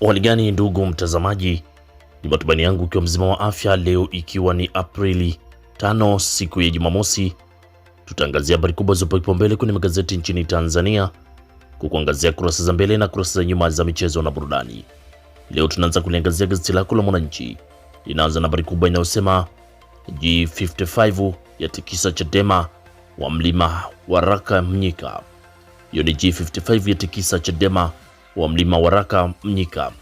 Uhaligani ndugu mtazamaji, ni matumaini yangu ukiwa mzima wa afya leo, ikiwa ni Aprili tano, siku ya Jumamosi. Tutaangazia habari kubwa zilizopewa kipaumbele kwenye magazeti nchini Tanzania, kukuangazia kurasa za mbele na kurasa za nyuma za michezo na burudani. Leo tunaanza kuliangazia gazeti lako la Mwananchi, linaanza na habari kubwa inayosema G55 ya tikisa Chadema wa mlima wa raka Mnyika. Hiyo ni G55 ya tikisa Chadema wa mlima waraka Mnyika,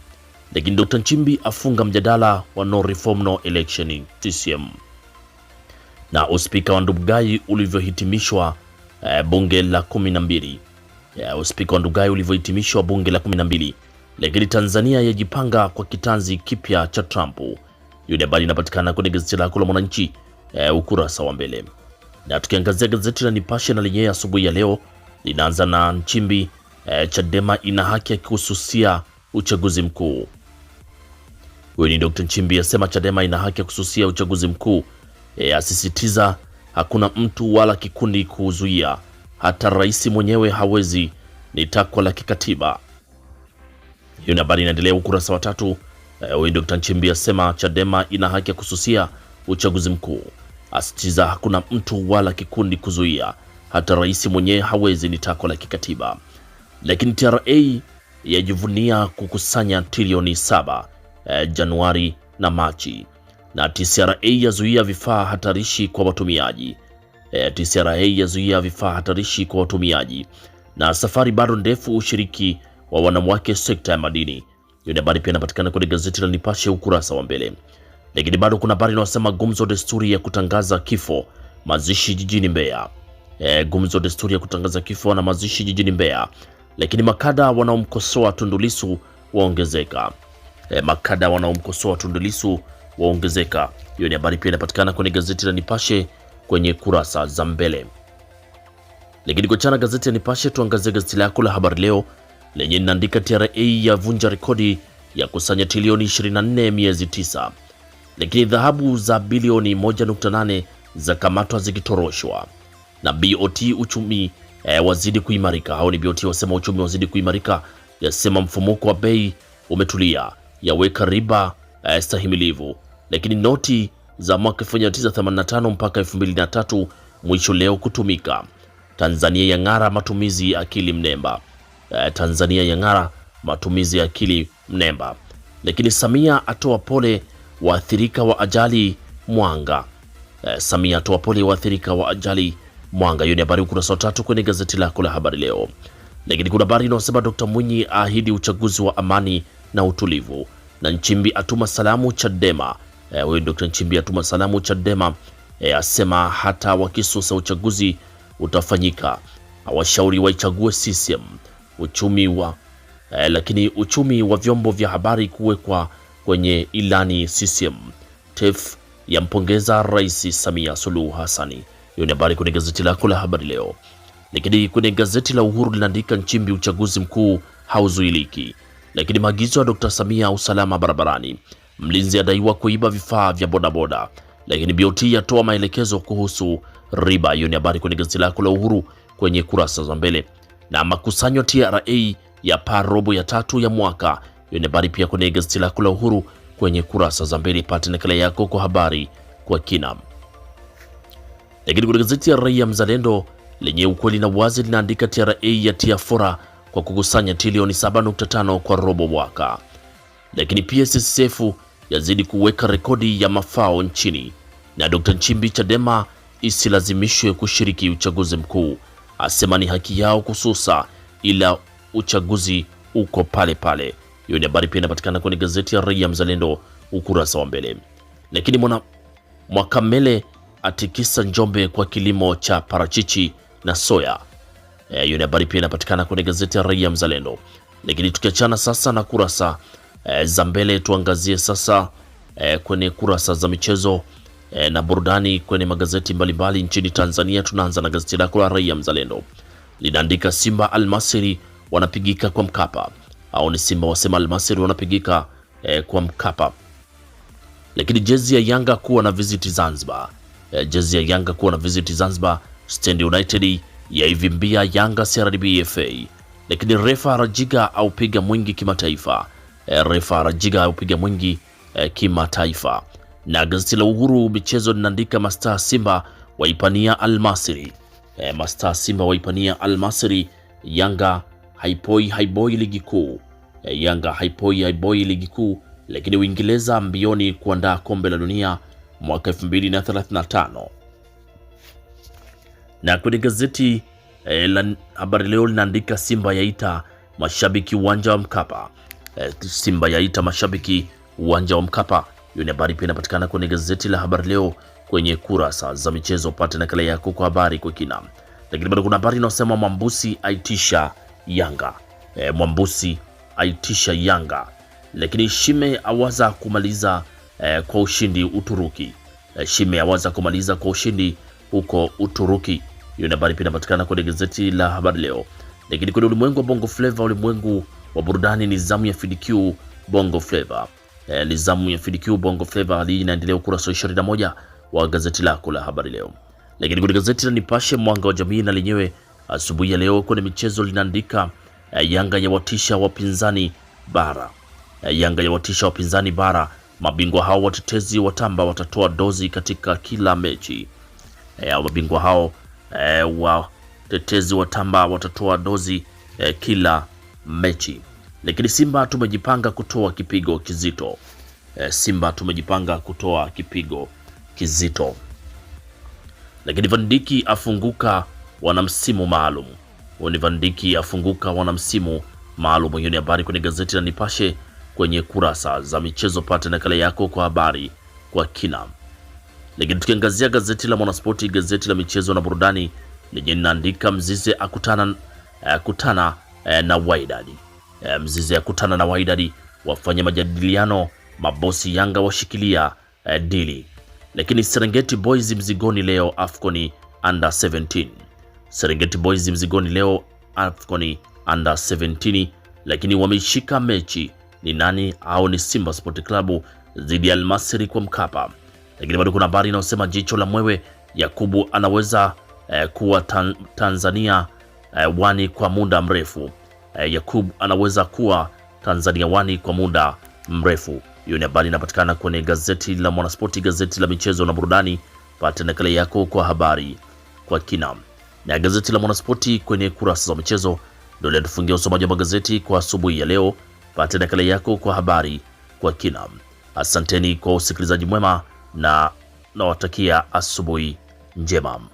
lakini Dr. Nchimbi afunga mjadala wa no reform no election TCM. na uspika wa Ndugai ulivyohitimishwa e, bunge la 12 e, eh, uspika wa Ndugai ulivyohitimishwa bunge la 12. Lakini Tanzania yajipanga kwa kitanzi kipya cha Trump. Hiyo ni habari inapatikana kwenye gazeti lako la Mwananchi e, ukurasa wa mbele. Na tukiangazia gazeti la Nipashe na lenyewe asubuhi ya leo linaanza na Nchimbi eh, Chadema ina haki ya kususia uchaguzi mkuu. Huyu ni Dr. Nchimbi asema Chadema ina haki ya kususia uchaguzi mkuu eh, asisitiza hakuna mtu wala kikundi kuzuia, hata rais mwenyewe hawezi, ni takwa la kikatiba. Hiyo habari inaendelea ukurasa wa tatu. Eh, huyu Dr. Nchimbi asema Chadema ina haki ya kususia uchaguzi mkuu, asitiza hakuna mtu wala kikundi kuzuia, hata rais mwenyewe hawezi, ni takwa la kikatiba. Lakini TRA yajivunia kukusanya trilioni saba eh, Januari na Machi, na TCRA yazuia vifaa hatarishi kwa watumiaji eh, TCRA yazuia vifaa hatarishi kwa watumiaji. Na safari bado ndefu, ushiriki wa wanawake sekta ya madini. Hiyo ni habari pia inapatikana kwenye gazeti la Nipashe ukurasa wa mbele. Lakini bado kuna habari inayosema gumzo desturi ya kutangaza kifo mazishi jijini Mbeya. E, gumzo desturi ya kutangaza kifo na mazishi jijini Mbeya lakini makada wanaomkosoa tundulisu waongezeka. E, makada wanaomkosoa Tundulisu waongezeka. Hiyo ni habari pia inapatikana kwenye gazeti la Nipashe kwenye kurasa za mbele. Lakini kuachana chana gazeti ya Nipashe, tuangazie gazeti lako la habari leo lenye linaandika TRA ya vunja rekodi ya kusanya trilioni 24 miezi 9, lakini dhahabu za bilioni 1.8 za kamatwa zikitoroshwa na BOT uchumi e, wazidi kuimarika. Hao ni BOT wasema uchumi wazidi kuimarika, yasema mfumuko wa bei umetulia, yaweka riba e, stahimilivu. Lakini noti za mwaka 1985 mpaka 2003 mwisho leo kutumika. Tanzania yang'ara matumizi ya akili mnemba. E, Tanzania yang'ara matumizi ya akili mnemba. Lakini Samia atoa pole waathirika wa ajali Mwanga. E, Samia atoa pole waathirika wa ajali Mwanga. Hiyo ni habari ukurasa wa tatu kwenye gazeti lako la habari leo, lakini kuna habari inayosema Dr. Mwinyi aahidi uchaguzi wa amani na utulivu, na Nchimbi atuma salamu Chadema. Eh, Huyo Dr. Nchimbi atuma salamu Chadema e, asema hata wakisusa uchaguzi utafanyika, awashauri waichague CCM. Uchumi wa e, lakini uchumi wa vyombo vya habari kuwekwa kwenye ilani CCM. TEF yampongeza Rais Samia Suluhu Hassani. Hiyo ni habari kwenye gazeti lako la habari leo. Lakini kwenye gazeti la Uhuru linaandika Nchimbi, uchaguzi mkuu hauzuiliki. Lakini maagizo ya Dr. Samia, usalama barabarani. Mlinzi adaiwa kuiba vifaa vya bodaboda. Lakini BOT yatoa maelekezo kuhusu riba. Hiyo ni habari kwenye gazeti lako la Uhuru kwenye kurasa za mbele. Na makusanyo TRA ya paa robo ya tatu ya mwaka. Hiyo ni habari pia kwenye gazeti lako la Uhuru kwenye kurasa za mbele. Pata nakala yako kwa habari kwa kina. Lakini kwenye gazeti ya Raia Mzalendo lenye ukweli na wazi linaandika TRA tia fora kwa kukusanya trilioni 7.5 kwa robo mwaka. Lakini PSSF yazidi kuweka rekodi ya mafao nchini, na Dr. Nchimbi Chadema isilazimishwe kushiriki uchaguzi mkuu, asema ni haki yao kususa, ila uchaguzi uko pale pale. Hiyo ni habari pia inapatikana kwenye gazeti ya Raia Mzalendo ukurasa wa mbele. Lakini mwana Mwakamele atikisa Njombe kwa kilimo cha parachichi na soya. Eh, hiyo e, ni habari pia inapatikana kwenye gazeti ya Raia Mzalendo. Lakini tukiachana sasa na kurasa e, za mbele, tuangazie sasa e, kwenye kurasa za michezo e, na burudani kwenye magazeti mbalimbali mbali nchini Tanzania. Tunaanza na gazeti lako la Raia Mzalendo linaandika Simba Almasiri wanapigika kwa Mkapa au ni Simba wasema Almasiri wanapigika e, kwa Mkapa. Lakini jezi ya Yanga kuwa na viziti Zanzibar Eh, jezi ya Yanga kuwa na visit Zanzibar, Stand United yaivimbia Yanga CRDBFA, lakini refa Rajiga aupiga mwingi kimataifa. Eh, refa Rajiga aupiga mwingi eh, kimataifa. Na gazeti la Uhuru michezo linaandika mastaa Simba waipania almasri mastaa Simba waipania Almasri. Yanga haipoi haiboi ligi kuu, Yanga haipoi haiboi ligi kuu. Lakini Uingereza mbioni kuandaa kombe la dunia mwaka 2035. Na kwenye gazeti eh, la Habari Leo linaandika Simba yaita mashabiki uwanja wa Mkapa. Eh, Simba yaita mashabiki uwanja wa Mkapa. Hiyo ni habari pia inapatikana kwenye gazeti la Habari Leo kwenye kurasa za michezo. Pate nakala yako kwa habari kwa kina. Lakini bado kuna habari inayosema Mwambusi aitisha Yanga. E, Mwambusi aitisha Yanga. Lakini Shime awaza kumaliza eh, kwa ushindi Uturuki. Eh, Shime yaweza kumaliza kwa ushindi huko Uturuki. Hiyo ni habari pia inapatikana kwenye gazeti la Habari Leo. Lakini kwenye ulimwengu wa Bongo Flava, ulimwengu wa burudani, ni zamu ya FDQ Bongo Flava. Eh, ni zamu ya FDQ Bongo Flava hii inaendelea ukurasa wa moja wa gazeti lako la Habari Leo. Lakini kwenye gazeti la Nipashe mwanga wa jamii na lenyewe asubuhi ya leo kwenye michezo linaandika eh, Yanga ya watisha wapinzani bara. Eh, Yanga ya watisha wapinzani bara Mabingwa hao watetezi watamba watatoa dozi katika kila mechi. E, mabingwa hao e, watetezi watamba watatoa dozi e, kila mechi. Lakini Simba tumejipanga kutoa kipigo kizito. E, Simba tumejipanga kutoa kipigo kizito. Lakini Vandiki afunguka wana msimu maalum. Huyo ni Vandiki afunguka wana msimu maalum. Hiyo ni habari kwenye gazeti la Nipashe kwenye kurasa za michezo. Pata nakala yako kwa habari kwa kina. Lakini tukiangazia gazeti la Mwanaspoti, gazeti la michezo na burudani lenye linaandika Mzize akutana, akutana eh, na Waidadi. Eh, Mzize akutana na Waidadi wafanya majadiliano, mabosi Yanga washikilia eh, dili. Lakini Serengeti Boys mzigoni leo Afcon under 17. Serengeti Boys mzigoni leo Afcon under 17, lakini wameshika mechi ni nani au ni Simba Sport Club dhidi ya Almasri kwa Mkapa. Lakini bado kuna habari inayosema jicho la mwewe Yakubu anaweza eh, kuwa tan Tanzania eh, wani kwa muda mrefu eh, Yakubu anaweza kuwa Tanzania wani kwa muda mrefu. Hiyo ni habari inapatikana kwenye gazeti la Mwanaspoti, gazeti la michezo na burudani. Pata nakala yako kwa habari kwa kina na gazeti la Mwanaspoti kwenye kurasa za michezo. Ndio linatufungia usomaji wa magazeti kwa asubuhi ya leo pata nakala yako kwa habari kwa kina. Asanteni kwa usikilizaji mwema na nawatakia asubuhi njema.